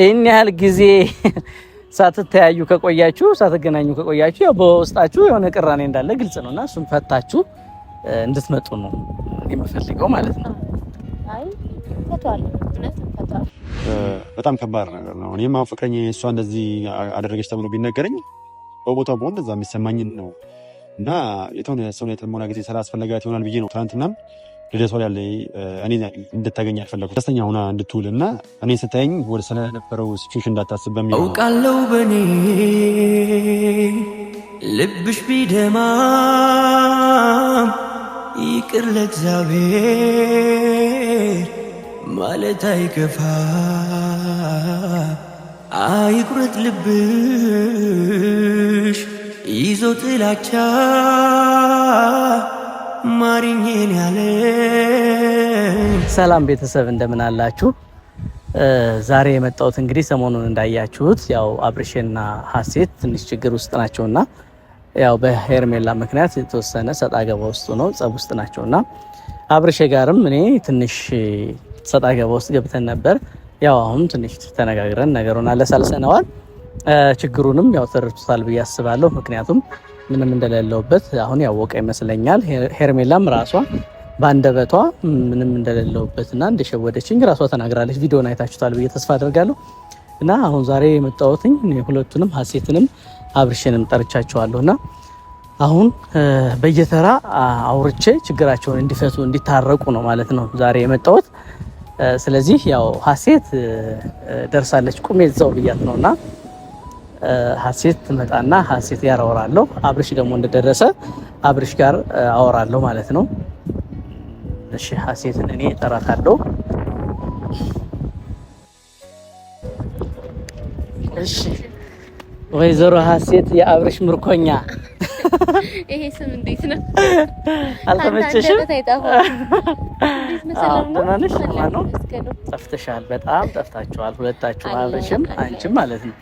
ይህን ያህል ጊዜ ሳትተያዩ ከቆያችሁ ሳትገናኙ ከቆያችሁ ያው በውስጣችሁ የሆነ ቅራኔ እንዳለ ግልጽ ነው እና እሱን ፈታችሁ እንድትመጡ ነው የምፈልገው ማለት ነው። በጣም ከባድ ነገር ነው። እኔም አሁን ፍቅረኛ እሷ እንደዚህ አደረገች ተብሎ ቢነገረኝ በቦታው በሆን እንደዛ የሚሰማኝን ነው እና የተሆነ ሰውነት ሞና ጊዜ ስላስፈለጋት ይሆናል ብዬ ነው ትናንትናም ልደቷ ያለ እኔ እንድታገኝ ያልፈለጉ ደስተኛ ሁና እንድትውል እና እኔ ስታየኝ ወደ ስለነበረው ሲቹዌሽን እንዳታስብ በሚ አውቃለሁ በኔ ልብሽ ቢደማም ይቅር ለእግዚአብሔር ማለት አይከፋ አይቁረት ልብሽ ይዞ ጥላቻ ማሪኝን ያለ ሰላም ቤተሰብ እንደምን አላችሁ? ዛሬ የመጣሁት እንግዲህ ሰሞኑን እንዳያችሁት ያው አብርሽና ሀሴት ትንሽ ችግር ውስጥ ናቸውና ያው በሄርሜላ ምክንያት የተወሰነ ሰጣ ገባ ውስጥ ነው ጸብ ውስጥ ናቸውና አብርሽ ጋርም እኔ ትንሽ ሰጣ ገባ ውስጥ ገብተን ነበር። ያው አሁን ትንሽ ተነጋግረን ነገሩን አለሳልሰነዋል። ችግሩንም ያው ተረድቶታል ብዬ አስባለሁ። ምክንያቱም ምንም እንደሌለውበት አሁን ያወቀ ይመስለኛል። ሄርሜላም ራሷ በአንደበቷ ምንም እና እንደሸወደችኝ ራሷ ተናግራለች። ቪዲዮን አይታችሁታል ብዬ ተስፋ አደርጋለሁ። እና አሁን ዛሬ የመጣወትኝ ሁለቱንም ሀሴትንም አብርሽንም ጠርቻቸዋለሁ እና አሁን በየተራ አውርቼ ችግራቸውን እንዲፈቱ እንዲታረቁ ነው ማለት ነው ዛሬ የመጣሁት። ስለዚህ ያው ሀሴት ደርሳለች ቁሜ እዛው ብያት ነውና ሀሴት ትመጣና ሀሴት ጋር አወራለሁ። አብርሽ ደግሞ እንደደረሰ አብርሽ ጋር አወራለሁ ማለት ነው። እሺ ሀሴትን እኔ እጠራታለሁ። እሺ ወይዘሮ ሀሴት የአብርሽ ምርኮኛ ይሄ ስም እንዴት ነው? አልተመቸሽም? ጠፍተሻል። በጣም ጠፍታችኋል ሁለታችሁ፣ አብርሽም አንቺም ማለት ነው።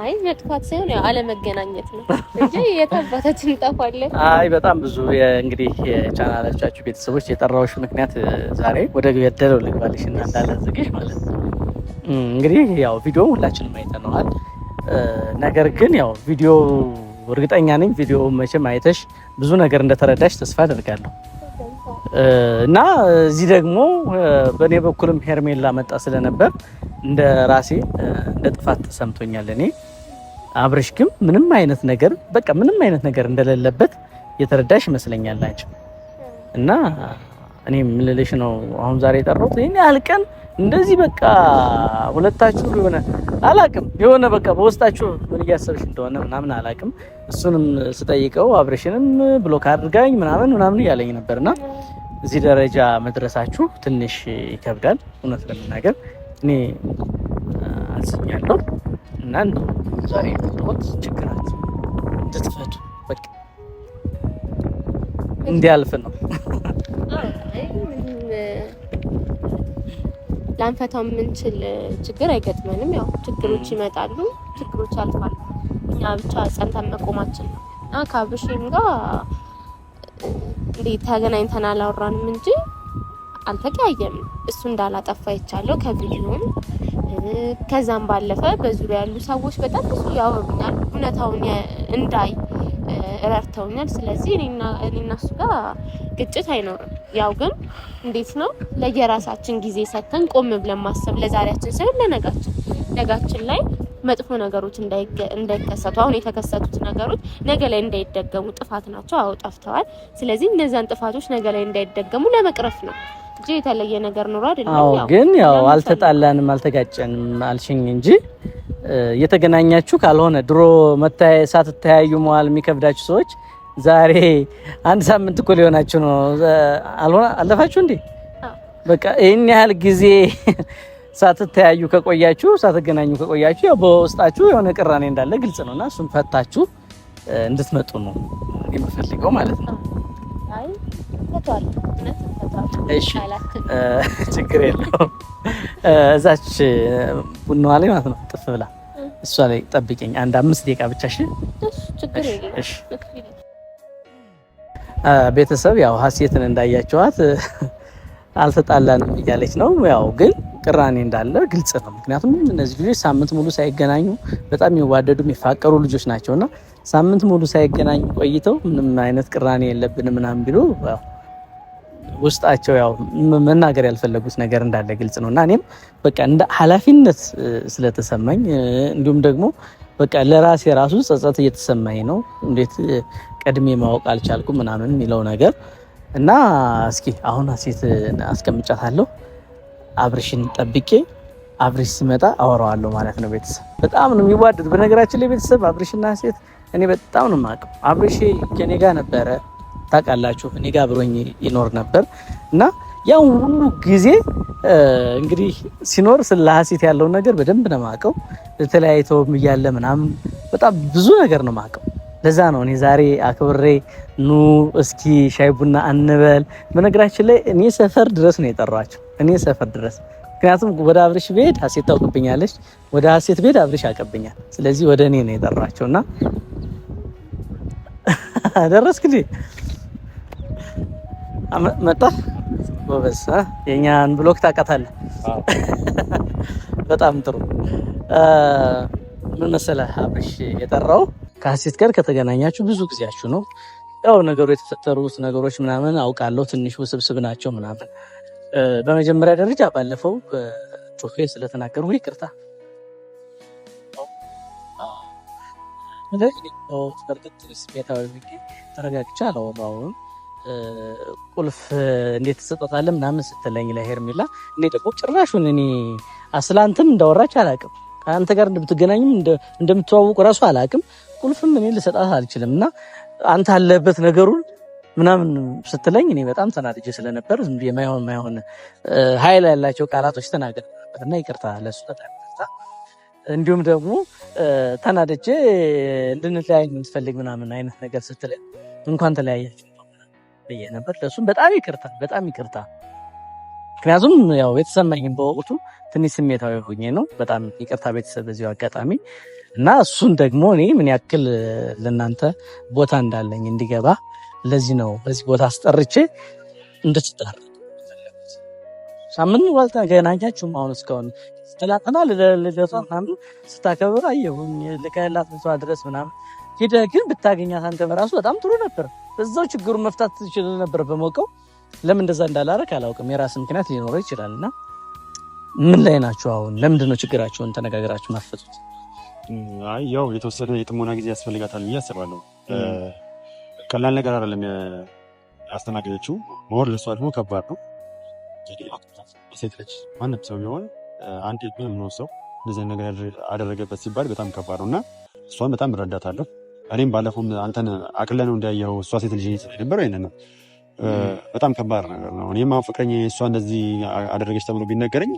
አይ መጥፋት ሳይሆን ያው አለመገናኘት ነው እንጂ የታባታችን እንጠፋለን። አይ በጣም ብዙ እንግዲህ የቻናላቻችሁ ቤተሰቦች የጠራዎች ምክንያት ዛሬ ወደ ገደለው ልግባልሽ እና እንዳላዘገሽ ማለት ነው። እንግዲህ ያው ቪዲዮ ሁላችንም አይተነዋል። ነገር ግን ያው ቪዲዮ እርግጠኛ ነኝ ቪዲዮ መቼም አይተሽ ብዙ ነገር እንደተረዳሽ ተስፋ አደርጋለሁ። እና እዚህ ደግሞ በእኔ በኩልም ሄርሜላ መጣ ስለነበር እንደ ራሴ እንደ ጥፋት ተሰምቶኛል። እኔ አብረሽ ግን ምንም አይነት ነገር በቃ ምንም አይነት ነገር እንደሌለበት የተረዳሽ ይመስለኛል አንቺ እና እኔ ምልልሽ ነው አሁን ዛሬ የጠራሁት ይህን ያህል ቀን እንደዚህ በቃ ሁለታችሁ የሆነ አላቅም የሆነ በቃ በውስጣችሁ ምን እያሰብሽ እንደሆነ ምናምን አላቅም። እሱንም ስጠይቀው አብሬሽንም ብሎክ አድርጋኝ ምናምን ምናምን እያለኝ ነበርና እዚህ ደረጃ መድረሳችሁ ትንሽ ይከብዳል። እውነት ለመናገር እኔ አዝኛለሁ እና ዛሬ ሞት ችግራት እንድትፈቱ በቃ እንዲያልፍ ነው። ላንፈታው የምንችል ችግር አይገጥመንም። ያው ችግሮች ይመጣሉ፣ ችግሮች ያልፋሉ። እኛ ብቻ ጸንተን መቆማችን ነው እና ከአብርሽም ጋር እንዴ ተገናኝተን አላወራንም እንጂ አልተቀያየም እሱ እንዳላጠፋ ይቻለው ከቪዲዮም ከዛም ባለፈ በዙሪያ ያሉ ሰዎች በጣም ብዙ ያወሩኛል፣ እውነታውን እንዳይ ረድተውኛል። ስለዚህ እኔና እሱ ጋር ግጭት አይኖርም። ያው ግን እንዴት ነው ለየራሳችን ጊዜ ሰጥተን ቆም ብለን ማሰብ ለዛሬያችን ሳይሆን ለነጋችን ነጋችን ላይ መጥፎ ነገሮች እንዳይከሰቱ አሁን የተከሰቱት ነገሮች ነገ ላይ እንዳይደገሙ ጥፋት ናቸው። አዎ ጠፍተዋል። ስለዚህ እነዚን ጥፋቶች ነገ ላይ እንዳይደገሙ ለመቅረፍ ነው እንጂ የተለየ ነገር ኑሮ አይደለም። ግን ያው አልተጣላንም፣ አልተጋጨንም አልሽኝ እንጂ የተገናኛችሁ ካልሆነ ድሮ ሳትተያዩ መዋል የሚከብዳችሁ ሰዎች ዛሬ አንድ ሳምንት እኮ ሊሆናችሁ ነው። አልሆነ አለፋችሁ እንዴ? በቃ ይህን ያህል ጊዜ ሳትተያዩ ከቆያችሁ ሳትገናኙ ከቆያችሁ ያው በውስጣችሁ የሆነ ቅራኔ እንዳለ ግልጽ ነው እና እሱን ፈታችሁ እንድትመጡ ነው የምፈልገው ማለት ነው። እሺ ችግር የለውም። እዛች ቡናዋ ላይ ማለት ነው ጥፍ ብላ እሷ ላይ ጠብቂኝ አንድ አምስት ደቂቃ ብቻ። እሺ ችግር የለውም። ቤተሰብ ያው ሀሴትን እንዳያቸዋት አልተጣላንም እያለች ነው። ያው ግን ቅራኔ እንዳለ ግልጽ ነው። ምክንያቱም እነዚህ ልጆች ሳምንት ሙሉ ሳይገናኙ በጣም የሚዋደዱ የሚፋቀሩ ልጆች ናቸው እና ሳምንት ሙሉ ሳይገናኙ ቆይተው ምንም አይነት ቅራኔ የለብንም ምናምን ቢሉ ውስጣቸው ያው መናገር ያልፈለጉት ነገር እንዳለ ግልጽ ነው እና እኔም በቃ እንደ ኃላፊነት ስለተሰማኝ እንዲሁም ደግሞ በቃ ለራሴ ራሱ ጸጸት እየተሰማኝ ነው። እንዴት ቀድሜ ማወቅ አልቻልኩ ምናምን የሚለው ነገር እና እስኪ አሁን ሀሴት አስቀምጫታለሁ። አብርሽን ጠብቄ አብርሽ ሲመጣ አወራዋለሁ ማለት ነው። ቤተሰብ በጣም ነው የሚዋደድ። በነገራችን ላይ ቤተሰብ አብርሽና ሴት እኔ በጣም ነው የማውቀው። አብርሽ ከኔ ጋር ነበረ ታውቃላችሁ፣ እኔ ጋር አብሮኝ ይኖር ነበር እና ያው ሁሉ ጊዜ እንግዲህ ሲኖር ስለ ሀሴት ያለውን ነገር በደንብ ነው ማቀው። ተለያይተውም እያለ ምናምን በጣም ብዙ ነገር ነው ማቀው። ለዛ ነው እኔ ዛሬ አክብሬ ኑ እስኪ ሻይ ቡና አንበል በነገራችን ላይ እኔ ሰፈር ድረስ ነው የጠሯቸው፣ እኔ ሰፈር ድረስ ምክንያቱም ወደ አብርሽ ብሄድ ሀሴት ታውቅብኛለች፣ ወደ ሀሴት ብሄድ አብርሽ ያውቅብኛል። ስለዚህ ወደ እኔ ነው የጠሯቸው እና ደረስክ መጣ ጎበዝ። የእኛን ብሎክ ታውቃታለህ። በጣም ጥሩ። ምን መሰለህ አብርሽ የጠራው ከሀሴት ጋር ከተገናኛችሁ ብዙ ጊዜያችሁ ነው። ያው ነገሩ የተፈጠሩት ነገሮች ምናምን አውቃለሁ፣ ትንሽ ውስብስብ ናቸው ምናምን። በመጀመሪያ ደረጃ ባለፈው ጮፌ ስለተናገሩ ይቅርታ ተረጋግቼ አላወራሁም። ቁልፍ እንዴት ትሰጣታለህ ምናምን ስትለኝ ለሄርሜላ እኔ ደግሞ ጭራሹን እኔ አስላንትም እንዳወራች አላቅም ከአንተ ጋር እንደምትገናኝም እንደምትዋውቅ ራሱ አላቅም። ቁልፍም እኔ ልሰጣት አልችልም እና አንተ አለበት ነገሩን ምናምን ስትለኝ እኔ በጣም ተናድጄ ስለነበር የማይሆን ማይሆን ሀይል ያላቸው ቃላቶች ተናገር ነበርና ይቅርታ ለሱ እንዲሁም ደግሞ ተናድጄ እንድንለያይ የምትፈልግ ምናምን አይነት ነገር ስትለኝ እንኳን ተለያያቸው ብዬ ነበር። ለእሱም በጣም ይቅርታ በጣም ይቅርታ። ምክንያቱም ያው የተሰማኝም በወቅቱ ትንሽ ስሜታዊ ሆኜ ነው። በጣም ይቅርታ ቤተሰብ በዚሁ አጋጣሚ እና እሱን ደግሞ እኔ ምን ያክል ለእናንተ ቦታ እንዳለኝ እንዲገባ ለዚህ ነው በዚህ ቦታ አስጠርቼ እንድትጠር ሳምንት ዋልታ ገናኛችሁም አሁን እስካሁን ስትላጠና ልደቷ ምናምን ስታከብር አየሁኝ ልከላት ድረስ ምናምን ሄደ ግን ብታገኛት አንተ በራሱ በጣም ጥሩ ነበር። በዛው ችግሩን መፍታት ትችል ነበር በሞቀው። ለምን እንደዛ እንዳላረክ አላውቅም። የራስ ምክንያት ሊኖረው ይችላል። እና ምን ላይ ናቸው አሁን? ለምንድነው ችግራቸውን ተነጋግራችሁ ማፈቱት? ያው የተወሰነ የጥሞና ጊዜ ያስፈልጋታል ብዬ አስባለሁ። ቀላል ነገር አይደለም አስተናገደችው። መሆን ለሷ ደግሞ ከባድ ነው። ሴት ልጅ ማንም ሰው ቢሆን አንድ ሰው እንደዚህ ነገር አደረገበት ሲባል በጣም ከባድ ነው እና እሷን በጣም እረዳታለሁ። እኔም ባለፈውም አንተን አቅለ ነው እንዳየኸው እሷ ሴት ልጅ ነበረው ይንን ነው በጣም ከባድ ነገር ነው። እኔም አሁን ፍቅረኛ እሷ እንደዚህ አደረገች ተብሎ ቢነገረኝ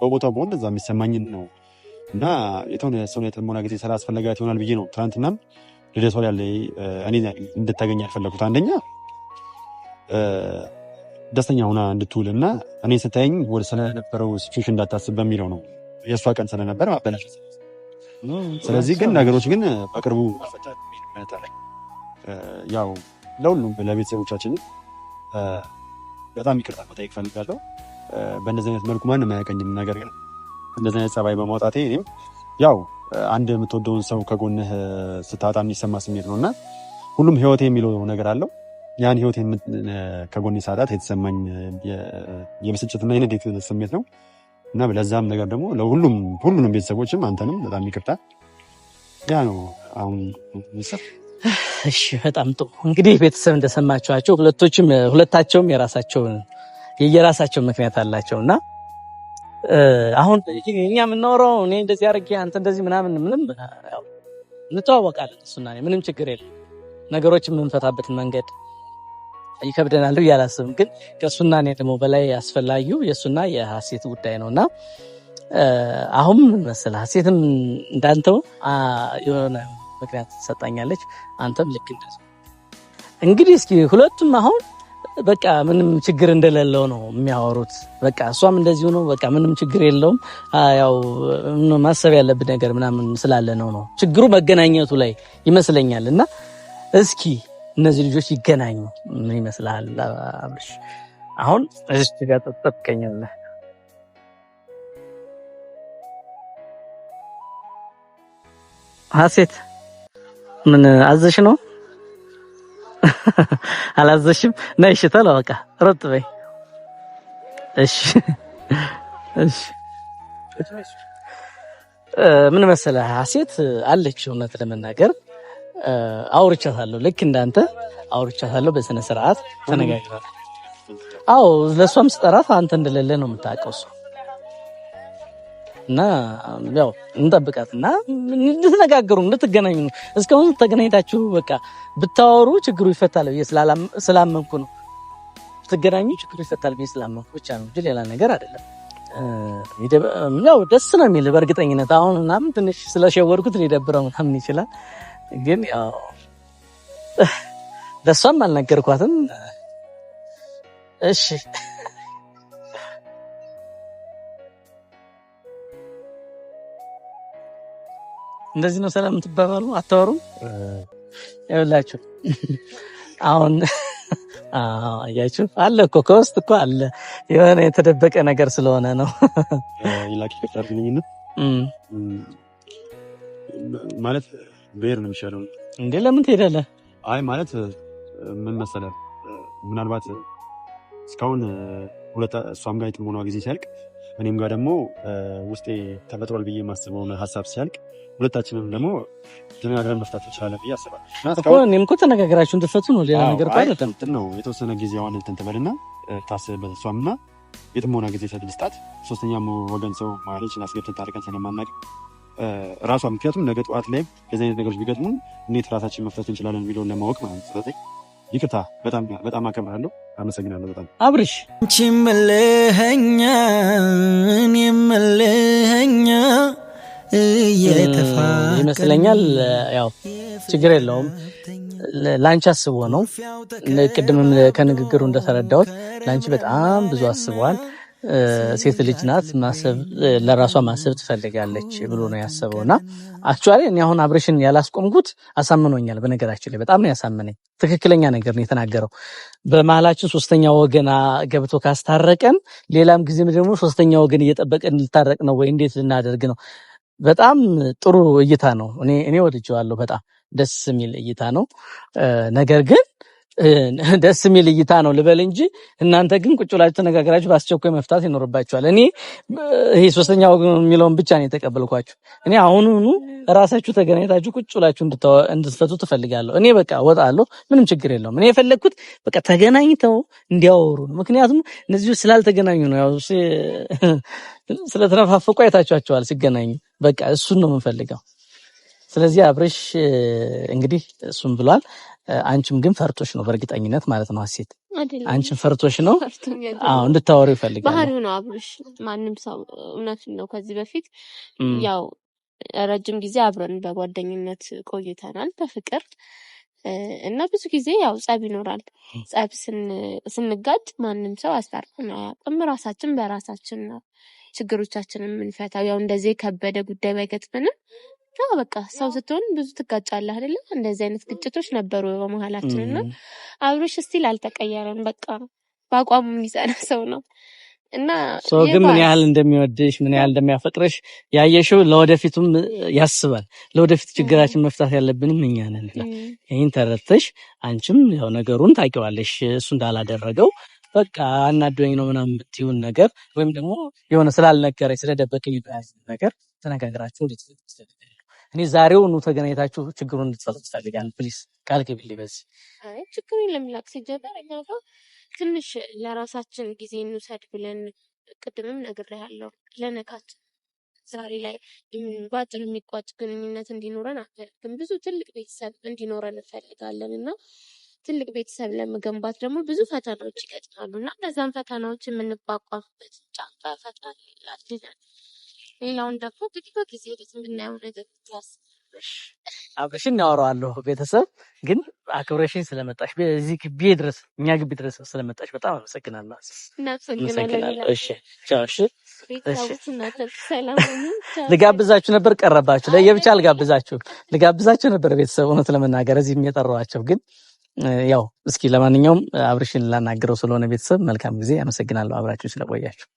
በቦታው በሆን እዛ የሚሰማኝን ነው እና የተሆነ ሰው የተሞና ጊዜ ስራ ስላስፈለጋት ይሆናል ብዬ ነው። ትናንትናም ልደቷ ያለ እኔ እንድታገኝ ያልፈለኩት አንደኛ ደስተኛ ሁና እንድትውል እና እኔ ስታየኝ ስለነበረው ሲቹዌሽን እንዳታስብ በሚለው ነው የእሷ ቀን ስለነበረ ማበላሸት ስለዚህ ግን ነገሮች ግን በቅርቡ ያው ለሁሉም ለቤተሰቦቻችን በጣም ይቅርታ መጠየቅ ፈልጋለሁ። በእንደዚህ አይነት መልኩ ማንም አያቀኝም። ነገር ግን እንደዚህ አይነት ጸባይ በማውጣቴ እኔም ያው አንድ የምትወደውን ሰው ከጎንህ ስታጣ የሚሰማ ስሜት ነው እና ሁሉም ህይወቴ የሚለው ነገር አለው። ያን ህይወቴ ከጎን ሳጣት የተሰማኝ የብስጭትና የንዴት ስሜት ነው። እና ለዛም ነገር ደግሞ ለሁሉም ሁሉንም ቤተሰቦችም አንተንም በጣም ይቅርታ። ያ ነው አሁን ምስር። እሺ፣ በጣም ጥሩ እንግዲህ ቤተሰብ እንደሰማችኋቸው ሁለቶችም ሁለታቸውም የራሳቸውን የየራሳቸው ምክንያት አላቸው እና አሁን እኛ የምናወራው እኔ እንደዚህ አድርጌ አንተ እንደዚህ ምናምን ምንም እንተዋወቃለን። እሱና ምንም ችግር የለም ነገሮች የምንፈታበት መንገድ ይከብደናል ብዬ ግን ከእሱና እኔ ደግሞ በላይ አስፈላጊው የእሱና የሀሴት ጉዳይ ነው እና አሁን መስል ሀሴትም እንዳንተው የሆነ ምክንያት ትሰጣኛለች። አንተም ልክ እንደ እንግዲህ እስኪ ሁለቱም አሁን በቃ ምንም ችግር እንደሌለው ነው የሚያወሩት። በቃ እሷም እንደዚሁ ነው። በቃ ምንም ችግር የለውም። ያው ማሰብ ያለብን ነገር ምናምን ስላለ ነው ነው ችግሩ መገናኘቱ ላይ ይመስለኛል እና እስኪ እነዚህ ልጆች ይገናኙ። ምን ይመስላል አብርሽ? አሁን እዚህ ጋር ጠጠብቀኝለ ሀሴት ምን አዘሽ ነው አላዘሽም? ነይ እሺ፣ ተለው በቃ ሮጥ በይ። እሺ፣ እሺ። ምን መሰለህ ሀሴት አለች እውነት ለመናገር አውርቻታለሁ። ልክ እንዳንተ አውርቻታለሁ። በስነ ስርዓት ተነጋግራል። አዎ ለእሷም ስጠራት አንተ እንደሌለ ነው የምታውቀው እሷ እና ያው እንጠብቃት እና እንድትነጋገሩ እንድትገናኙ ነው። እስካሁን ተገናኝታችሁ በቃ ብታወሩ ችግሩ ይፈታል ብዬ ስላመንኩ ነው። ብትገናኙ ችግሩ ይፈታል ብዬ ስላመንኩ ብቻ ነው እንጂ ሌላ ነገር አይደለም። ያው ደስ ነው የሚል በእርግጠኝነት አሁን ምናምን ትንሽ ስለሸወድኩት ሊደብረው ምናምን ይችላል። ግን ያው ለእሷም አልነገርኳትም። እሺ እንደዚህ ነው ሰላም የምትባባሉ፣ አታወሩም? ይኸውላችሁ አሁን አያችሁ አለ እኮ ከውስጥ እኮ አለ የሆነ የተደበቀ ነገር ስለሆነ ነው። ይላክ ማለት ብሄር ነው የሚሻለው። እንደ ለምን ትሄዳለህ? አይ ማለት ምን መሰለህ፣ ምናልባት እስካሁን እሷም ጋር የጥሞኗ ጊዜ ሲያልቅ እኔም ጋር ደግሞ ውስጤ ተፈጥሯል ብዬ የማስበውን ሀሳብ ሲያልቅ ሁለታችንም ደግሞ ተነጋግረን መፍታት እንችላለን ብዬ አስባለሁ። እኔም እኮ ተነጋግራችሁ እንድፈቱ ነው። ሌላ ነገር ነው። የተወሰነ ጊዜ አሁን እንትን ትበልና ታስብበት። እሷም እና የጥሞና ጊዜ ሰድ ልስጣት። ሶስተኛም ወገን ሰው ማለች ላስገብተን ታርቀን ስለማናውቅ ራሷ ምክንያቱም ነገ ጠዋት ላይ የዚህ አይነት ነገሮች ቢገጥሙን እንዴት ራሳችን መፍታት እንችላለን የሚለውን ለማወቅ ማለት ስለዚህ ይቅርታ በጣም አከብራለሁ። አመሰግናለሁ። በጣም አብርሽ አንቺ ምልኸኛ እኔም ምልኸኛ ይመስለኛል። ያው ችግር የለውም ለአንቺ አስቦ ነው። ቅድምም ከንግግሩ እንደተረዳሁት ለአንቺ በጣም ብዙ አስበዋል። ሴት ልጅ ናት ለራሷ ማሰብ ትፈልጋለች ብሎ ነው ያሰበው። እና አክቹዋሊ እኔ አሁን አብሬሽን ያላስቆምኩት አሳምኖኛል። በነገራችን ላይ በጣም ነው ያሳምነኝ። ትክክለኛ ነገር ነው የተናገረው። በመሀላችን ሶስተኛ ወገን ገብቶ ካስታረቀን፣ ሌላም ጊዜ ደግሞ ሶስተኛ ወገን እየጠበቀን ልታረቅ ነው ወይ እንዴት ልናደርግ ነው? በጣም ጥሩ እይታ ነው። እኔ እኔ ወድጀዋለሁ። በጣም ደስ የሚል እይታ ነው። ነገር ግን ደስ የሚል እይታ ነው ልበል እንጂ እናንተ ግን ቁጭ ብላችሁ ተነጋግራችሁ በአስቸኳይ መፍታት ይኖርባችኋል። እኔ ይሄ ሶስተኛ ወገን የሚለውን ብቻ ነው የተቀበልኳችሁ። እኔ አሁኑኑ ራሳችሁ ተገናኝታችሁ ቁጭ ብላችሁ እንድትፈቱ ትፈልጋለሁ። እኔ በቃ ወጣለሁ፣ ምንም ችግር የለውም። እኔ የፈለግኩት በቃ ተገናኝተው እንዲያወሩ ነው። ምክንያቱም እነዚሁ ስላልተገናኙ ነው፣ ያው ስለተነፋፈቁ አይታችኋቸዋል ሲገናኙ። በቃ እሱን ነው የምንፈልገው። ስለዚህ አብርሽ እንግዲህ እሱም ብሏል። አንቺም ግን ፈርቶሽ ነው በእርግጠኝነት ማለት ነው። ሀሴት አንቺም ፈርቶሽ ነው። አዎ እንድታወሩ ይፈልጋል። ባህሪው ነው አብርሽ። ማንም ሰው እውነቱን ነው። ከዚህ በፊት ያው ረጅም ጊዜ አብረን በጓደኝነት ቆይተናል በፍቅር እና ብዙ ጊዜ ያው ጸብ ይኖራል። ጸብ ስንጋጭ ማንም ሰው አስታርቆን አያውቅም። ራሳችን በራሳችን ነው ችግሮቻችንን የምንፈታው። ያው እንደዚህ የከበደ ጉዳይ ባይገጥምንም ያ በቃ ሰው ስትሆን ብዙ ትጋጫለህ አይደለ? እንደዚህ አይነት ግጭቶች ነበሩ በመሀላችን እና አብሮሽ ስቲል አልተቀየረም። በቃ በአቋሙ የሚጸና ሰው ነው እና ሰው ግን ምን ያህል እንደሚወድሽ ምን ያህል እንደሚያፈቅረሽ ያየሽው ለወደፊቱም ያስባል። ለወደፊት ችግራችን መፍታት ያለብንም እኛ ነን። ይህን ተረተሽ አንቺም ያው ነገሩን ታውቂዋለሽ እሱ እንዳላደረገው በቃ አናዶኝ ነው ምናምን ብትይውን ነገር ወይም ደግሞ የሆነ ስላልነገረኝ ስለደበቀኝ ነገር ተነጋግራቸው ተነጋግራችሁ እኔ ዛሬውኑ ተገናኝታችሁ ችግሩን እንድትፈጥ ትፈልጋል። ፕሊስ ቃል ግቢልኝ። በዚህ ችግሩ ለሚላቅ ሲጀበር እኛ ጋር ትንሽ ለራሳችን ጊዜ እንውሰድ ብለን ቅድምም ነግሬሃለሁ። ለነካት ዛሬ ላይ በአጭር የሚቋጭ ግንኙነት እንዲኖረን አፈልግም። ብዙ ትልቅ ቤተሰብ እንዲኖረን እንፈልጋለን እና ትልቅ ቤተሰብ ለመገንባት ደግሞ ብዙ ፈተናዎች ይገጥማሉ እና እነዛን ፈተናዎች የምንቋቋምበት ጫንፋ ፈተና ይላል ሌላውን ደግሞ እንግዲህ ጊዜ ሂደት የምናየው ነገር አብረሽ እናወራዋለሁ። ቤተሰብ ግን አክብረሽኝ ስለመጣሽ በዚህ ግቢ ድረስ እኛ ግቢ ድረስ ስለመጣሽ በጣም አመሰግናለሁ። ልጋብዛችሁ ነበር ቀረባችሁ። ለየብቻ ልጋብዛችሁ ልጋብዛችሁ ነበር ቤተሰብ እውነት ለመናገር እዚህ የጠራኋቸው ግን ያው እስኪ ለማንኛውም አብርሽን ላናግረው ስለሆነ ቤተሰብ መልካም ጊዜ። አመሰግናለሁ አብራችሁ ስለቆያችሁ።